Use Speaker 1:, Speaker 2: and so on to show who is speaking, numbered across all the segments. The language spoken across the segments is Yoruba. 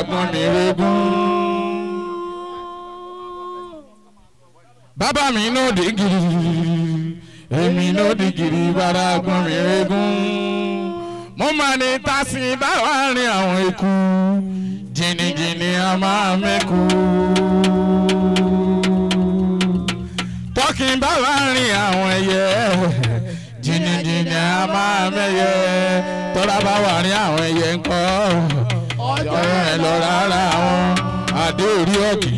Speaker 1: àpọ́n mi rogún. bàbá mi ló dé gírí èmi ló dé gírí bàrà àpọ́n mi rogún. mo máa ní tásì dáwà rin àwọn ikú jìnnìjìnnì a máa mẹ́kú. tọ́kì dáwà rin àwọn ẹyẹ jìnnìjìnnì a máa mẹ́yẹ tọ́lá bá rin àwọn ẹyẹ ńkọ́ àjọ ẹ lọ rárá wọn adé orí ọ̀kì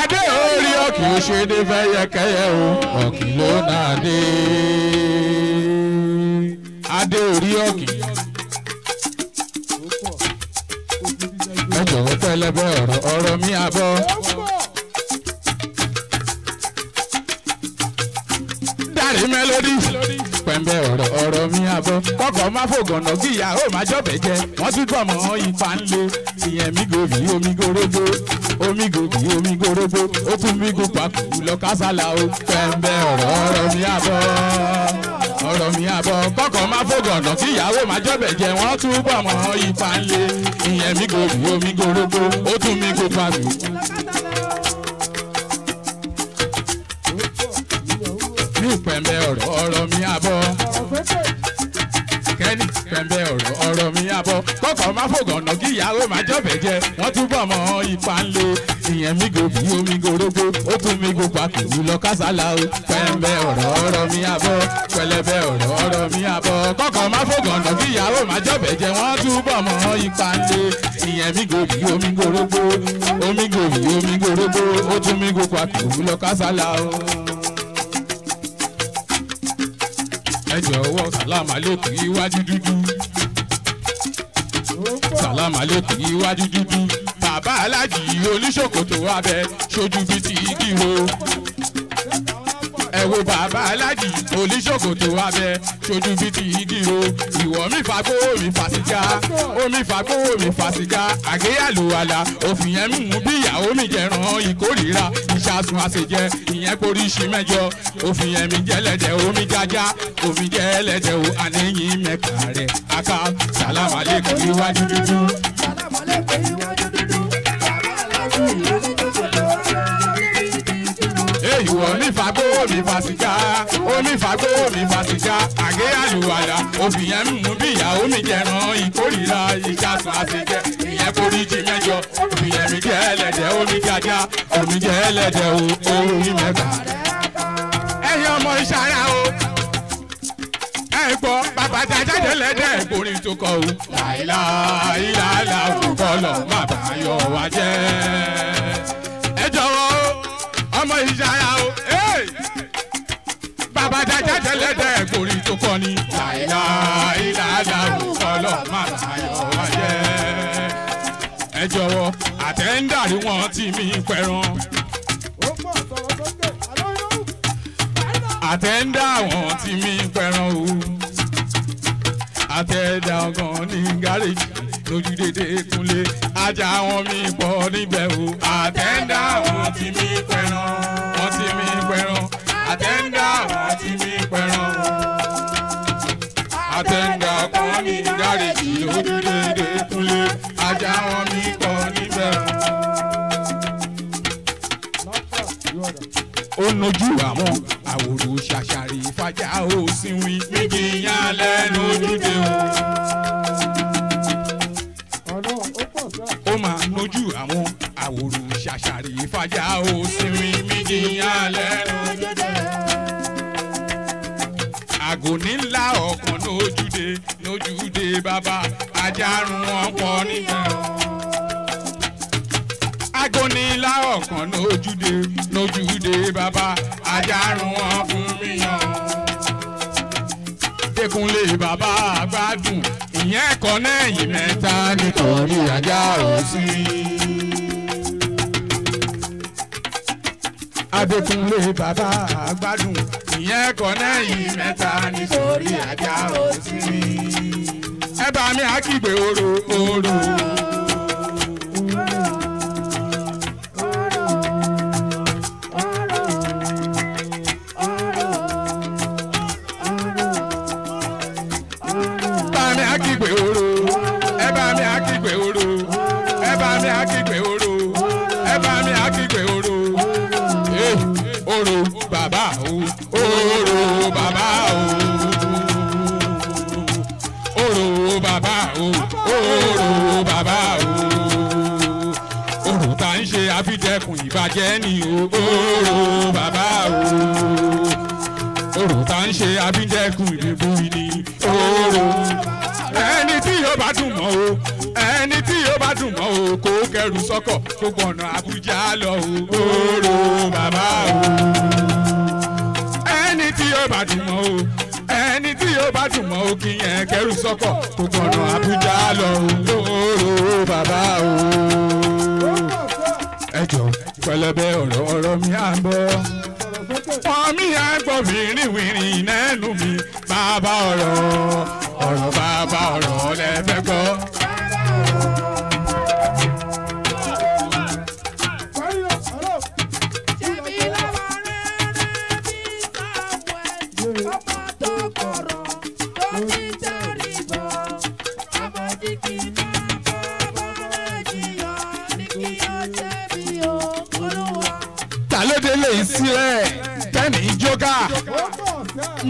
Speaker 1: adé orí ọ̀kì ó ṣe dé fẹ́yẹkẹ́yẹ o ọ̀kì ló náà dé adé orí ọ̀kì. ẹ jọ̀wọ́ pẹlẹbẹ ọ̀rọ̀ ọ̀rọ̀ mi àbọ̀. Daddy Melody pẹ̀mbẹ́ ọ̀rọ̀ ọ̀rọ̀ mi àbọ̀ kọ́kọ́ má fògànà kí ìyá ó má jọ̀bẹ̀ jẹ wọ́n tún tọ̀ mọ́ ipa ń le ìyẹn mi gòbí omi gòrògbò omi gòbí omi gòrògbò ó tún mi gùn pàkú lọ kásálà o pẹ̀mbẹ́ ọ̀rọ̀ ọ̀rọ̀ mi àbọ̀ ọ̀rọ̀ mi àbọ̀ kọ́kọ́ má fògànà kí ìyá ó má jọ̀bẹ̀ jẹ wọ́n tún tọ̀ mọ́ ipa ń le ìyẹn mi gòbí omi gòrògbò ó tún mi gùn pàkú. kẹ̀mbẹ́ ọ̀rọ̀ ọ̀rọ̀ mi abọ́ kọ́kọ́ má fògànà kí ìyàwó má jọ̀bẹ̀ jẹ wọ́n tún bọ̀ mọ́ ipa ń le ìyẹn mi gò bí omi gòrógbó ó tún mi gò pa kìlú lọ kásálà o kẹ̀mbẹ́ ọ̀rọ̀ ọ̀rọ̀ mi abọ́ pẹlẹbẹ ọ̀rọ̀ ọ̀rọ̀ mi abọ́ kọ́kọ́ má fògànà kí ìyàwó má jọ̀bẹ̀ jẹ wọ́n tún bọ̀ mọ́ ipa ń le ìyẹn mi gò bí omi gòrógbó omi gò bí omi gòrógbó ó tún mi gò pa kìlú lọ kásálà o. yọ ọwọ́ sàlámà lẹ́kùn iwájú dúdú. sàlámà lẹ́kùn iwájú dúdú. bàbá aláàjì oníṣòkòtò abẹ ṣojú bíi ti igi wo ẹ wo bàbá aláàjì oníṣòkòtò abẹ ṣojú bíi ti igi o ìwọ mi fagbó mi fa sìgá omi fagbó mi fa sìgá àgéyàlò àlà òfin yẹn mú bí ìyàwó mi jẹran ìkórìíra ìṣàsùn àṣejẹ ìyẹn poríṣi mẹ́jọ òfin yẹn mi jẹlẹdẹ omi jájá omi jẹlẹdẹ o àníyìn mẹka rẹ aka sàlámàlẹkùn iwájú dúdú. sàlámàlẹkùn iwájú dúdú. onífàgbó mi fa sìgá onífàgbó mi fa sìgá àgé àlùwàlà obìyẹn ń mú bí ìyàwó mi jẹran ìkórìíra ìjàsùn àṣejẹ ìyẹn kórìí jìyẹn jọ obìyẹn mi jẹ ẹlẹ́dẹ̀ omi jaja, omi jẹ ẹlẹ́dẹ̀ o oorun mi mẹ́ta. ẹ̀yin ọmọ ìṣara o ẹ gbọ́ bàbá jájáde lẹ́dẹ̀ ìkórìí tó kọ o. láìláìláìlá òkú kọ́ lọ́ọ́ má bàa yọ wá jẹ́ ẹ jọ̀wọ́ ọmọ ìjayà o. bàbá jaja tẹ́lẹ̀ dẹ́ tó kọ́ ni. láìlá ìlàlá òsọlọ máa tayọ wáyé. ẹ jọ̀wọ́ àtẹ́ńdàrí wọn ti mi pẹ̀ràn. àtẹ́ńdà wọn ti mi pẹ̀ràn o. àtẹ́ńdà ọgàn ní gáréjì lójú dédé kúnlé ajá wọn mi bọ̀ níbẹ̀ o. àtẹ́ndà wọn ti mí pẹ̀ràn. wọ́n ti mí pẹ̀ràn. àtẹ́ndà wọn ti mí pẹ̀ràn. àtẹ́ndà kan ní gáréjì lójú dédé kúnlé ajá wọn mi bọ̀ níbẹ̀ o. ó nojú àwọn àwòrán ṣàṣàrì fàjà ó sinwi. níbi ìyá lẹ́nu. àjàrùn wọn fún mi yàn. Dékúnlé bàbá àgbàdùn ìyẹn kọ náà yìí mẹ́ta nítorí àjàrùn sí i. Adékúnlé bàbá àgbàdùn ìyẹn kọ náà yìí mẹ́ta nítorí àjàrùn sí Ẹ bá mi àkìgbè oró oró. bàjẹ́ ni òórò bàbá o òrò tá ń ṣe abídẹ́kùn ìdìbò ni òórò ẹni tí yóò bá dùn mọ́ o ẹni tí yóò bá dùn mọ́ o kó kẹrù sọ́kọ̀ kó gbọ̀nà Àbújá lọ o òórò bàbá o ẹni tí yóò bá dùn mọ́ o ẹni tí yóò bá dùn mọ́ o kí yẹn kẹrù sọ́kọ̀ kó gbọ̀nà Àbújá lọ o òórò bàbá o ẹjọ pẹlẹbẹ ọ̀rọ̀ ọ̀rọ̀ mi à ń bọ̀. wọn mi à ń gbọ́ wìrìwìrì nẹ́nu mi bàbá ọ̀rọ̀ ọ̀rọ̀ bàbá ọ̀rọ̀ lẹ́fẹ̀ẹ́ gbọ́.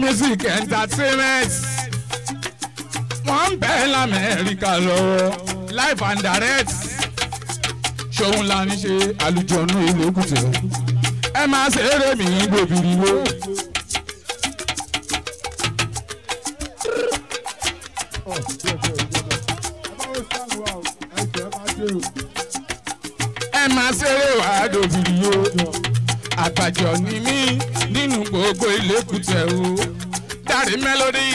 Speaker 1: music entertainment wọ́n ń bẹ́ lamẹ́ríkà lọ́wọ́ live and direct ṣòun la ní ṣe àlùjọ̀nù ìlú òkùtì lọ ẹ máa ṣe eré mi gbòbìrì wo. ẹ máa ṣeré wàá dòbìrì wo àgbàjọ ni mí nínú gbogbo ìlú òkùtì ẹ̀ o melody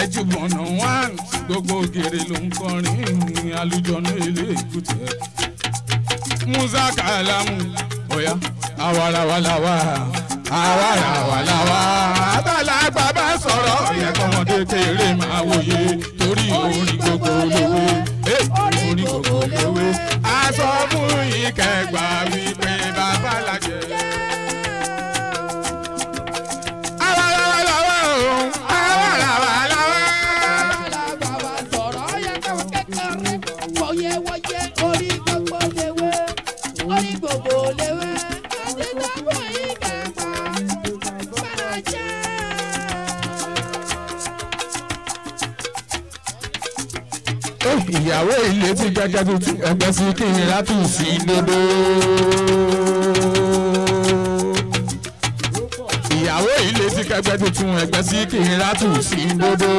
Speaker 1: ẹjú bọ̀nà one gbogbo ògèrè ló ń kọrin alùjọ́nù ilé ìkútẹ́ musa kalamu ọ̀yá awarawalawa awarawalawa àgbàlagbà bá sọ̀rọ̀ ọ̀yẹ́ kọ́mọdé kéré máa wòye torí orin gbogbo olówó eh, orin gbogbo olówó aṣọ fún ìkẹgbàá mi. jẹ́bi ẹgbẹ́ sí kí n rápì sí dodo. ìyàwó yìí lè ti kẹgbẹ́ tuntun ẹgbẹ́ sí kí n rápì sí dodo.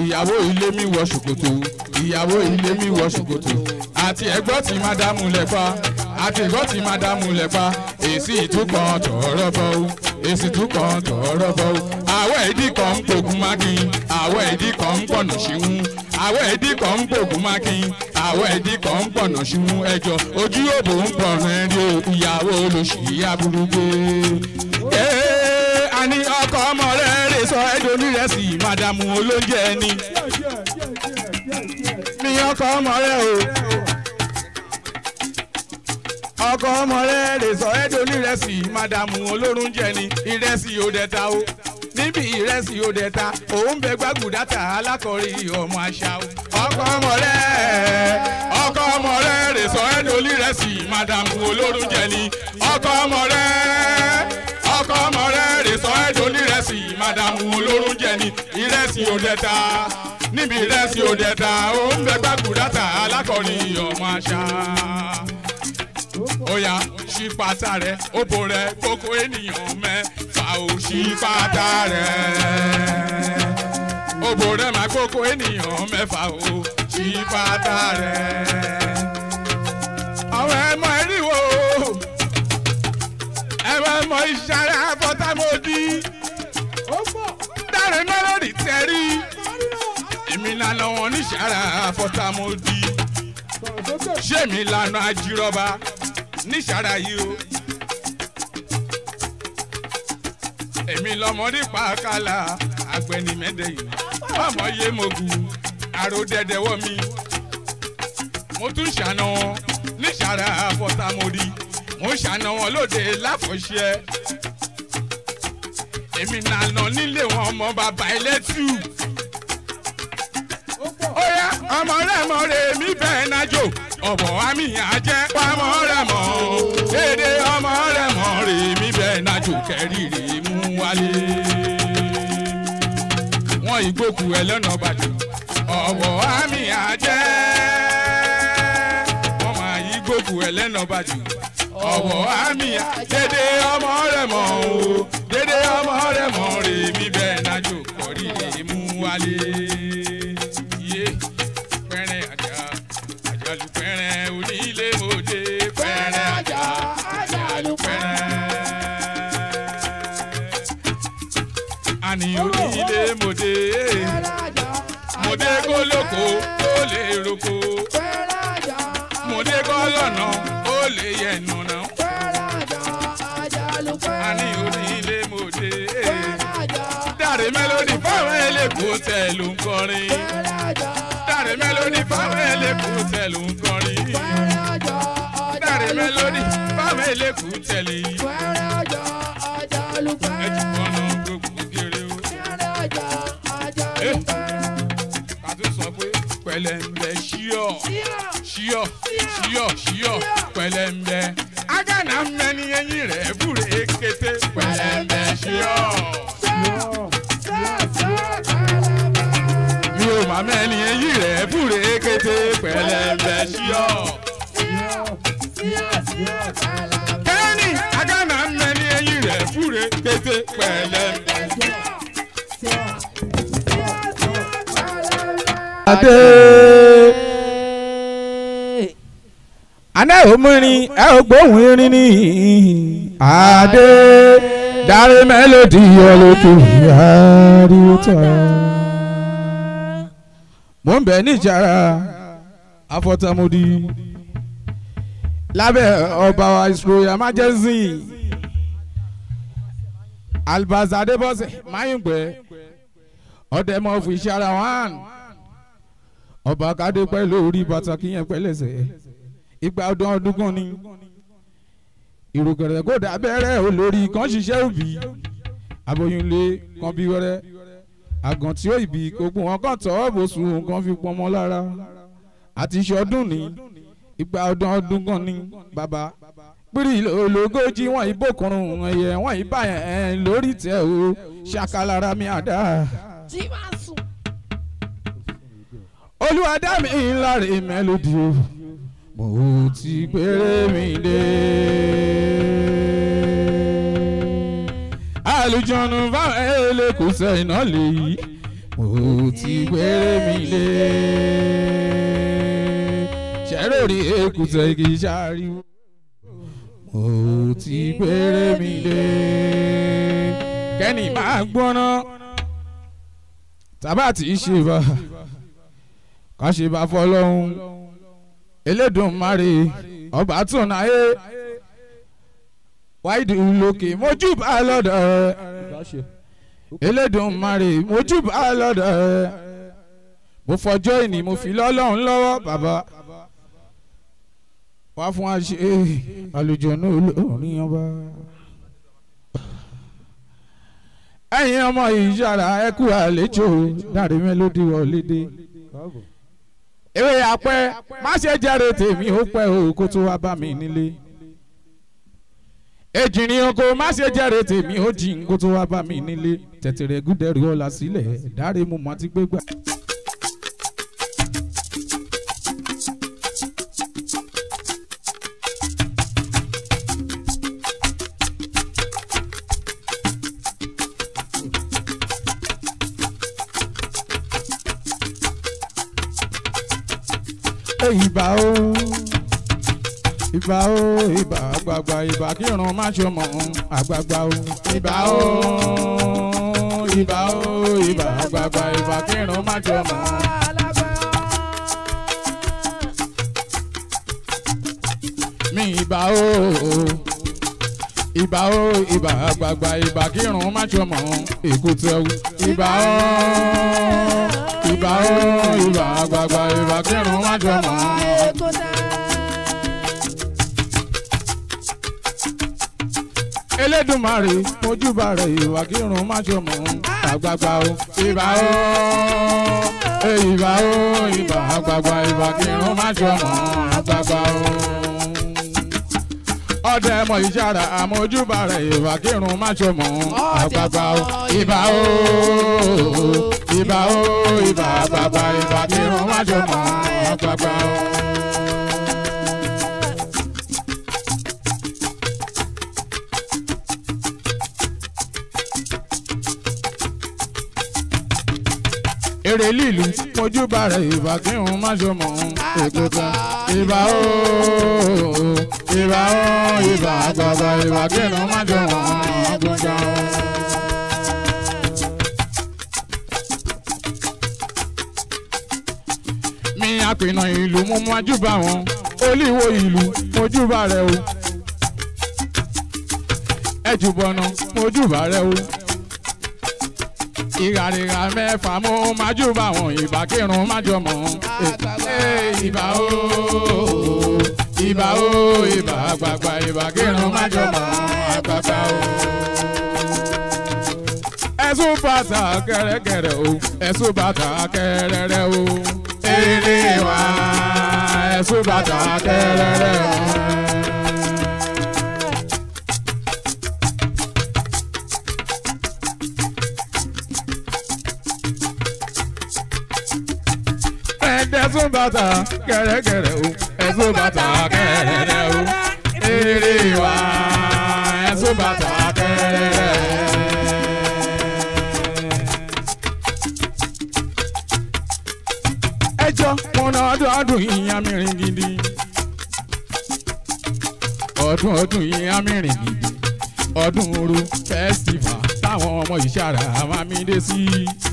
Speaker 1: ìyàwó yìí lé mi wọ ṣòkòtò ìyàwó yìí lé mi wọ ṣòkòtò àti ẹgbọ́ tí mádámù lẹ́pa àti ẹgbọ́ tí mádámù lẹ́pa èsì ìtúkọ̀ tọ̀ọ̀rọ̀ bọ̀ o èsì ìtúkọ̀ tọ̀ọ̀rọ̀ bọ̀ o àwọ̀ ìdí kan ń pogun mákin àwọ̀ ìdí kan ń pọ̀nà ṣíwún àwọ̀ ìdí kan ń pogun mákin àwọ̀ ìdí kan ń pọ̀nà ṣíwún ẹjọ́ ojú òbò ń pọ̀nà ẹni o ìyàwó olóṣì aburú gbé. ee a ní ọkọ ọmọ rẹ rè sọ ẹdọọlù rẹ sí olóúnjẹ ni Mi ọkọ ọmọ rẹ o ọkọ ọmọ rẹ lè sọ ẹdọọlù rẹ sí màdàmú olórúnjẹ ni ìrẹsì ò dẹta o níbi ìrẹsì òde ta òun bẹ gbàgùdá ta alákọ̀rí ọmọ àṣà o. ọkọ ọmọ rẹ ọkọ ọmọ rẹ rè sọ rẹsì madam olórun jẹ ni ọkọ ọmọ rẹ ọkọ ọmọ rẹ rè sọ rẹsì madam olórun jẹ ni ìrẹsì òde ta níbi ìrẹsì òde ta òun bẹ gbàgùdá ta alákọ̀rí ọmọ àṣà. Oya ṣípatà rẹ̀ òbò rẹ̀ kókó ènìyàn mẹ́fà ò ṣípatà rẹ̀. Òbò rẹ̀ máa kókó ènìyàn mẹ́fà ò ṣípatà rẹ̀. Àwọn ẹ̀mọ́ ẹ̀ríwó ẹ̀mọ́ ẹ̀mọ́ ìṣàrẹ̀ àbọ̀tàmọ́dí. Dáre mélòdì tẹ̀rí. Èmi lànà wọn ní ìṣàrẹ̀ àbọ̀tàmọ́dí. Ṣé mi lànà àjírọ́ba? níṣàrà yìí o. èmi lọmọdé pàákàlà àgbẹnimẹ́dẹ yìí bámọ̀ yé mogun àròdẹ̀dẹ̀wọ̀ mi. mo tún ṣàna wọn níṣàrà àfọ̀tàmọ́rí mo ṣàna wọn lóde láfọ̀ṣẹ́. èmi nànà nílé wọn ọmọ bàbá ẹlẹ́tù. ó yá ọmọ rẹ̀ mọ̀ rẹ̀ mi bẹ́ẹ̀ nájò ọ̀bọ̀ àmì àjẹ́ pamọ́ rẹ̀ mọ́ o dédé ọmọ rẹ̀ mọ́ rèmi bẹ́ẹ̀ nájò kẹ́rì rèmú wálé. wọ́n ìgbókù ẹ lọ́nà bàjẹ́ ọ̀bọ̀ àmì àjẹ́ wọ́n máa ìgbókù ẹ lọ́nà bàjẹ́ ọ̀bọ̀ àmì dédé ọmọ rẹ̀ mọ́ o
Speaker 2: dédé ọmọ rẹ̀ mọ́ rèmi
Speaker 1: bẹ́ẹ̀ nájò kọ́rí rèmú wálé. hotel ń kọrin. Dare Melody fáwọn ẹlẹ́kùn hotel ń kọrin. Dare Melody fáwọn ẹlẹ́kùn hotel yìí. Ẹ ti kọ́nà gbogbo kéré o. Kàtó eh, sọ pé pẹ̀lẹ́mbẹ̀ ṣíọ̀ ṣíọ̀ ṣíọ̀ ṣíọ̀ pẹ̀lẹ́mbẹ̀. adé. aná ò mìíràn ni adé. dárí mélòdì mo n bẹ nijara afọtamodi ọba wa His Royal Majesty Albasa Adébọ́sẹ̀ Mayungbe isara ọba kádé pẹ́ lórí pàtàkì yẹn pẹ́lẹ́sẹ̀ ìgbà ọdún ọdún kan ni ìrògẹ̀rẹ̀ kò dá bẹ́rẹ̀ olórí kan ṣiṣẹ́ òbí aboyúnlé kan bí wẹ́rẹ́ àgàn tí ó ìbí gbogbo wọn kàn tọ́ bòsùn kan fi pọnmọ́ lára àti ṣọdún ni ìgbà ọdún ọdún kan ni bàbá pírí ológójì wọn ìbòkùnrin ẹ̀yẹ wọn ìbàyẹn lórí tẹ̀ o ṣàkàlára mi àdá. tí wàá sọ olúwa dá mi ńlá rè mélòdì o mo ti péré mi dé. àlùjọ̀nù fáwọn ẹlẹ́kùsẹ̀ iná lè yí mo ti péré mi dé. ṣẹ́rọ̀rì èkùsẹ̀ kì í ṣàríwó mo ti péré mi dé. kẹ́ni máa gbóná tàbá tí ṣe bá àṣebàfọlọ́hún Elédùmarè ọba tún náyé wáìdì lókè mojúbà lọ́dọ̀ rẹ̀ Elédùmarè mojúbà lọ́dọ̀ rẹ̀ mo fọjọ́ ìní mo fi lọ́lọ́run lọ́wọ́ bàbá wá fún wa ṣe àlùjọ náà olórin ọba. ẹ̀yin ọmọ ìyára ẹ kú àlejò Dare Melody wọlé dé ewé apẹ má ṣe jẹrè tèmi ó pẹ o kó tó wá bá mi nílé ejìnrín oko má ṣe jẹrè tèmi ó jìn kó tó wá bá mi nílé tẹ̀tẹ̀rẹ̀ gúdẹ̀rù ọ̀la sílẹ̀ dáre mo mọ̀ àti gbégbà. ìbà o ìbà o ìbà àgbààgbà ìbà kí irun má ṣe mọ̀ àgbààgbà o. ìbà o ìbà o ìbà àgbààgbà ìbà kí irun má ṣe mọ̀. mi ìbà o ìbà o ìbà àgbààgbà ìbà kírun má jọmọ èkúté o ìbà o ìbà o ìbà àgbààgbà ìbà kírun má jọmọ èkúté. Elédùmarè mojúbà rẹ̀ ìwà kírun má jọmọ àgbààgbà o ìbà o ìbà o ìbà àgbààgbà ìbà kírun má jọmọ àgbààgbà o ọdẹ mọ ìjára àmójúbà rẹ ìwà kírun máṣọ mọ àgbàgbà ìbà ó ìbà ó ìbà bàbà. ojúbà rẹ̀ ìbà kí n má ṣe mọ̀ ọ́n ètò tán. ìbà ó ìbà ó ìbà àgbàgbà ìbà kí n má ṣe mọ̀ ọ́n ètò tán. mi àpènà ìlú mo mú ajúbà wọn olíwo ìlú mojúbà rẹ̀ o ẹjùbọ̀nà mojúbà rẹ̀ o ìràrìrà mẹ́fà mú májú bá wọn ìbá kírun májọ mọ́. ìbà o ìbà o ìbà àgbààgbà ìbà kírun májọ mọ́ àgbààgbà o. ẹ̀sùn bàtà kẹ́rẹ́kẹ́rẹ́ o ẹ̀sùn bàtà kẹ́rẹ́rẹ́ o. eré wa ẹ̀sùn bàtà kẹ́rẹ́rẹ́ o. ẹ̀sùn bàtà kẹ̀rẹ̀kẹ̀rẹ̀ o ẹ̀sùn bàtà kẹ̀rẹ̀rẹ̀ o èrè wa ẹ̀sùn bàtà kẹ̀rẹ̀rẹ̀. ẹjọ́ wọn náà dún adùn ìyá mi rìn gidi ọdún ọdún ìyá mi rìn gidi ọdún oru fẹ́stífà táwọn ọmọ ìṣàrà máa mi dé sí i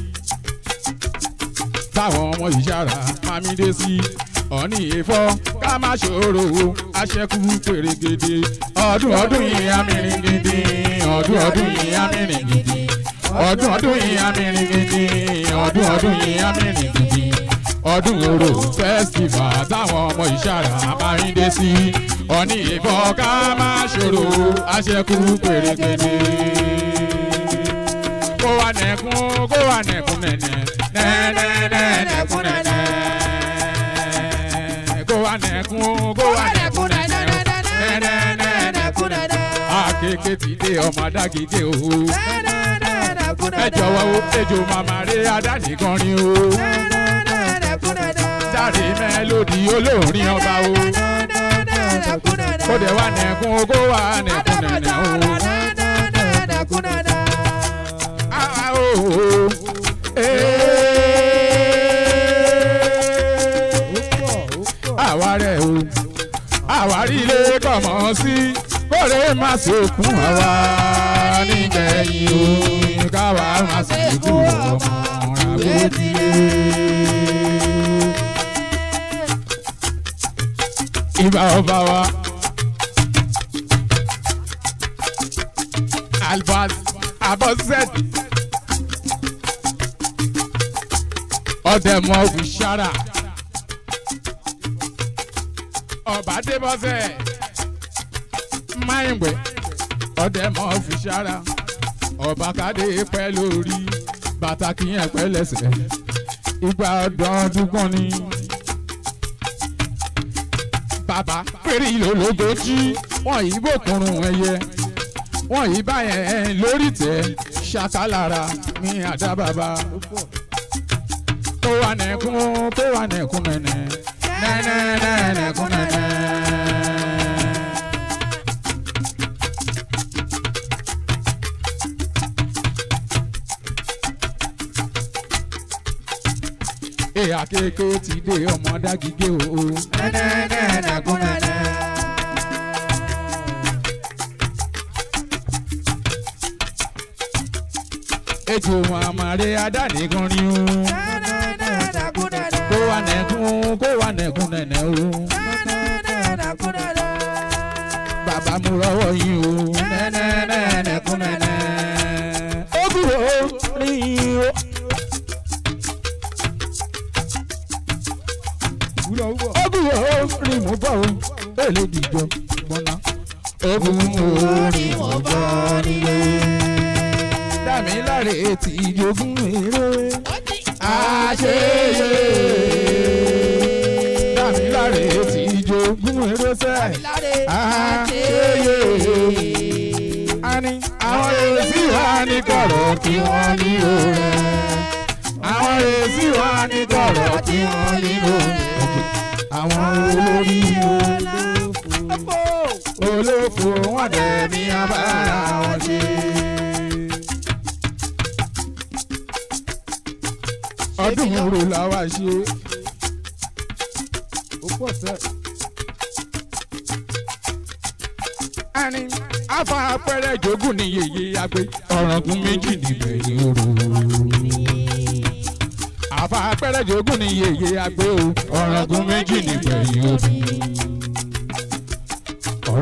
Speaker 1: táwọn ọmọ ìyára amídé sí ọ̀ní ìfọ́ ká má ṣòro aṣẹ́kù pèrègèdè ọdún ọdún yìí amírin gidi ọdún ọdún yìí amírin gidi ọdún ọdún yìí amírin gidi ọdún ọdún yìí amírin gidi ọdún orò fẹ́stífà táwọn ọmọ ìṣàrà amídé sí ọ̀ní ìfọ́ ká má ṣòro aṣẹ́kù pèrègèdè kó wà nẹ̀kún kó wà nẹ̀kún nẹ̀nẹ̀. mi ti dé ọmọ adágídé o. ẹ jọ̀wọ́ o ejò màmá rẹ̀ adánìkan ni o. dáre mẹ́lòdì olórin ọba o. kódé wa nẹ̀kún ogó wa nẹ̀kún nẹ̀nẹ̀ o. àwa rẹ̀ o àwa rí ilé kọ̀mọ́ sí kóre má sekún àwa nígbẹ̀yìn o káwa má sekún ọmọ àbójúlé. ìbà ọba wa. albert abọ́sẹ̀t. ọ̀dẹ̀mọ̀ ògùn sára. ọ̀bádébọ́sẹ̀ máìgbẹ ọdẹ mọ fi ṣára ọba kádé pẹ́ lórí bàtà kìyàn pẹ́ lẹ́sẹ̀ ìgbà ọdún dúgbọn ni. bàbá péré ìlólógójì wọn yìí bò kúrun ẹyẹ wọn yìí báyẹn lórí tẹ ṣàkàlára ní àdá bàbá tó wà nẹkún tó wà nẹkún nẹnẹ nẹnẹ nẹnẹ kún nẹnẹ. akéké akéké ti dé ọmọ dágígé o. nẹ́nẹ́nẹ́ nàgún nẹ́nẹ́. ejò àmàlè adánìkan ni o. nẹ́nẹ́nẹ́ nàgún kó wà nẹ́kún kó wà nẹ́kún nẹ́nẹ́ o. nẹ́nẹ́nẹ́ nàgún bàbá mo rọwọ́ yín o. nẹ́nẹ́nẹ́. èlé dìjọ mọ́nà. ẹkún orí wọn bá nílé. dàmí láre tí ìjogún eré. àṣeyẹ. dàmí láre tí ìjogún eré sẹ́. àṣeyẹ. ani àwọn èsì wa ní kọ̀rọ̀ kí wọ́n ní òòrè. àwọn èsì wa ní kọ̀rọ̀ kí wọ́n ní òòrè àwọn olórí olórí olófò wọn dẹ̀bi abára wọn ṣe. ọdún ro la wá ṣe. ó pọ̀ sẹ́. ẹni afa apẹrẹ jogún ni yèyé agbe ọ̀ràngún méjì níbẹ̀ ni ó rò afa apẹrẹ jogún ni yèyé agbe o ọ̀ràngún méjì níbẹ̀ ni ó rò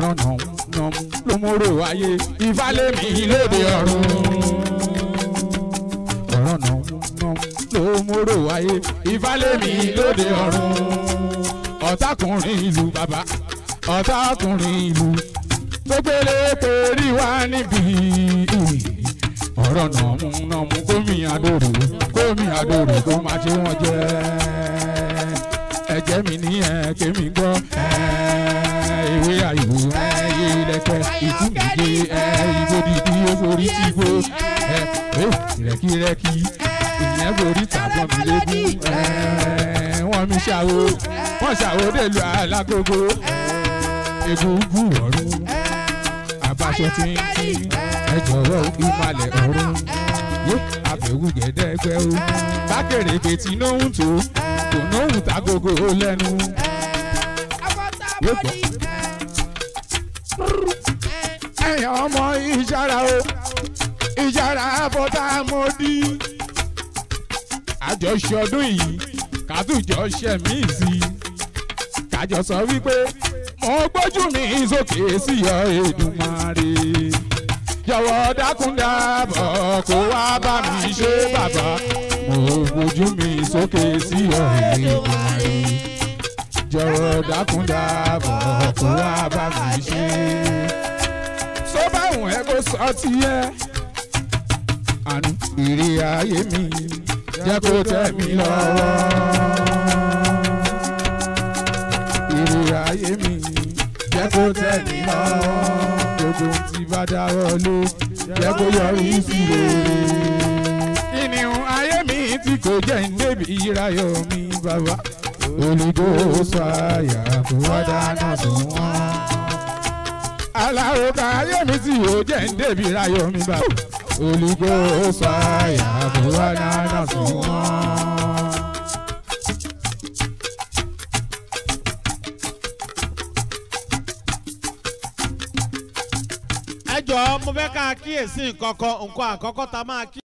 Speaker 1: ọ̀rọ̀ náà náà ló mórò ayé ìfálẹ́ mi lóde ọ̀run. ọ̀rọ̀ náà náà ló mórò ayé ìfálẹ́ mi lóde ọ̀run. ọ̀tákùnrin ìlú bàbá ọ̀tákùnrin ìlú tó pélé pérí wá níbí ọ̀rọ̀ náà mú náà mú kómi àdòrò kómi àdòrò kó má ṣe wọ́n jẹ́ ẹ̀jẹ̀ mi ní ẹ̀ kémi gbọ́ ewé àìwò ìlẹ̀kẹ̀ ìkúndìdé ìbò dídí orí sí ibo ìrẹ́kírẹ́kí ìyẹn borí tàbọn mi lébú wọ́n mi ṣàwo wọ́n ṣàwo dèlú alágogo egungun ọ̀run àbáṣọ tí ẹ jọ̀wọ́ ìmàlẹ̀ ọ̀run àbẹ̀wò gẹ̀ẹ́dẹ́gbẹ́ o bákèrègbè tí ló tó kò nóhùn tágogo lẹ́nu kéèyàn ọmọ ìjára o ìjára bọ́tà mọ́dí. àjọṣe ọdún yìí kàtújọ ṣe mí sí i kájọ sọ wípé mo gbójú mi sókè sí ọ Èdùmàrè jọ̀wọ́ dákúndàbọ̀ kó wá bá mi ṣe bàbá mo gbójú mi sókè sí ọ Èdùmàrè jọ̀wọ́ dákúndàbọ̀ kó wá bá mi ṣe ẹ kó sọ ti yẹ. àánú ìrì ayé mi jẹ́ kó tẹ̀ mí lọ́wọ́. ìrì ayé mi jẹ́ kó tẹ̀ mí lọ́wọ́. gbogbo ti bá dáwọ́ ló jẹ́ kó yọrí sí rere. ìnìhùn ayé mi tí kò jẹ́ ń débi mi bàbá olùdó sọ àyà kó wá dáná sùn wọ́n aláwo káyé mi tí yóò jẹ́ ń débi ráyọ̀ mi bá. olùkó sọ ìyàbò wá náà sí wọn. ẹ jọ̀ọ́ mo fẹ́ ká kíyèsí nǹkan kan nǹkan àkọ́kọ́ tá máa kíyèsí.